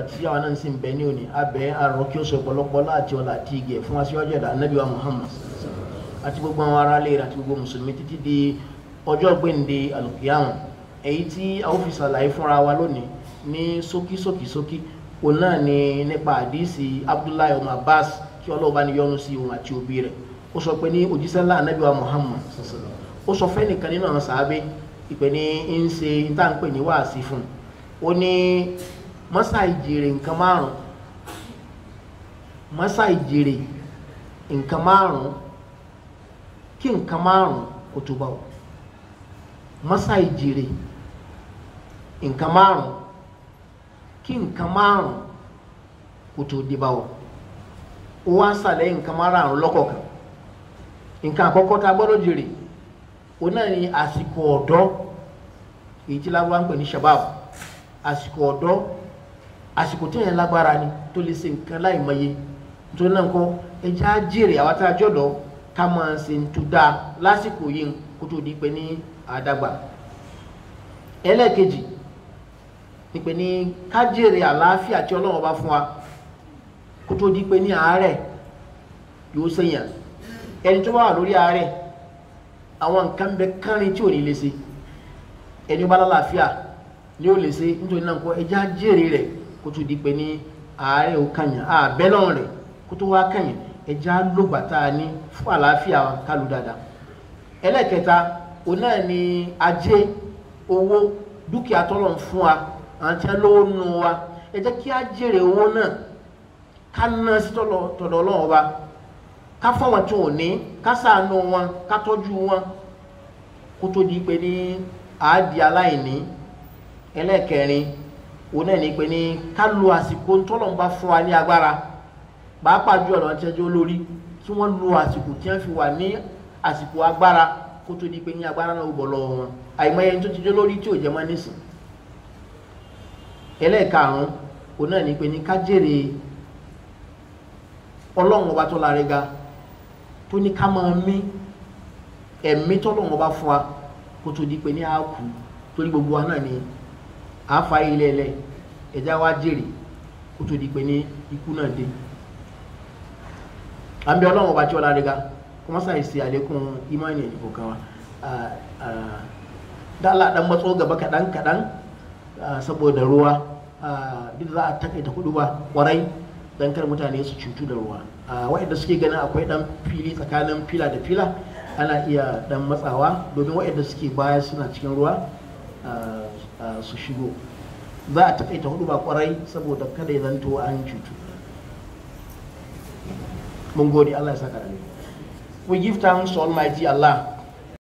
àti àwọn náà sì ń bẹ ní òní abẹ arọ kí ó sọ ọ̀pọ̀lọpọ̀ láti ọlà àti ìgẹ fún aṣíwájú ẹ̀dá anábì wa Muhammad àti gbogbo àwọn aráalé rẹ̀ àti gbogbo mùsùlùmí títí di ọjọ́ gbẹ̀ǹde alùkìyàmù èyí tí a ó fi ṣàlàyé fúnra wa lónìí ní ṣókí ṣókí ṣókí òun náà ni nípa àdísì Abdullahi ọmọ Abbas kí ọlọ́ọ̀bá ni yọ́nú sí òun àti òbí rẹ̀ ó sọ pé ní òjíṣẹ́ ńlá anábì wa Muhammad ó sọ fẹ́nìkan nínú àwọn sàábé ìpè ní ń ṣe ń tà ń pè ní wáàsí fún mọ́sà ìjèrè nǹkan márùn-ún mọ́sà ìjèrè nǹkan márùn-ún kí nǹkan márùn-ún kò tó bá wọ mọ́sà ìjèrè nǹkan márùn-ún kí nǹkan márùn-ún kò tó dé bá wọ ó wá ń sàlẹ̀ nǹkan márùn lọ́kọ̀ọ̀kan nǹkan àkọ́kọ́ tá a gbọ́dọ̀ jèrè òun náà ni àsìkò ọ̀dọ́ èyí tí lábúrò ń pè ní shabab àsìkò ọ̀dọ́ àsìkò tí yẹn lágbára ni tó lè ṣe nǹkan láì mọye tó náà kọ ẹja jèrè àwọn tá a jọ̀dọ̀ ká máa ṣe ń tu dáa lásìkò yìí kó tó di pé ní àdàgbà ẹlẹ́ẹ̀kejì ni pé ní ká jèrè àlàáfíà tí ọlọ́run bá fún wa kó tó di pé ní àárẹ̀ yóò ṣèyàn ẹni tó bá wà lórí àárẹ̀ àwọn nǹkan bẹ kánrin tí ò ní lè ṣe ẹni bá lálàáfíà ni ó lè ṣe nítorí náà kọ ẹja jèrè rẹ̀ kó tún di pé ní ààrẹ ò kàyàn àbẹ́ náà rẹ̀ kó tó wá kàyàn ẹja lògbà tá a ní fún àlàáfíà kálu dáadáa ẹlẹ́kẹta òun náà ni ajé owó dúkìá tọ́lọ̀ ń fún wa àti lówó nù wa ẹ jẹ́ kí á jèrè owó náà ká ná sí tọ̀dọ̀ Ọlọ́run ọba ká fọwọn tí ò ní ká ṣàánú wọn ká tọ́jú wọn kó tó di pé ní àádìí aláìní ẹlẹ́kẹrin òun náà ní pé ní ká lo àsìkò tọ́lọ́run bá fún wa ní agbára pàápàá ju ọ̀nà tí ẹjọ́ lórí kí wọ́n lo àsìkò tí wọ́n fi wà ní àsìkò agbára kó tó di pé ní agbára náà ó bọ̀ lọ́wọ́ wọn àìmọye tó ti jẹ́ lórí tí ò jẹ́ mọ́ nísìn ẹlẹ́ẹ̀karùn-ún òun náà ní pé ní ká jèrè ọlọ́run ọba tó láre ga tó ní ká máa mí ẹ̀mí tọ́lọ́run ọba fún wa kó tó di pé ní àákú torí gbogbo wa náà ni a fa ilé ẹlẹ ẹjá wa jèrè kó tó di pé ní ikú náà dé àmì ọlọ́run ọba tí ọlá rẹ̀ kó mọ́ sáyẹn ṣe àlékún ìmọ̀ọ́nì ẹ̀yìn kan wa dálà dan matso gaba kaɗan kaɗan saboda ruwa duk za a takaita kudu ba kwarai don kar mutane su cutu da ruwa waɗanda suke ganin akwai dan fili tsakanin fila da fila ana iya dan matsawa domin waɗanda suke baya suna cikin ruwa su shigo za a ita hudu ba kwarai saboda kada ya zanto an cutu mun gode allah ya saka da ku give thanks to almighty allah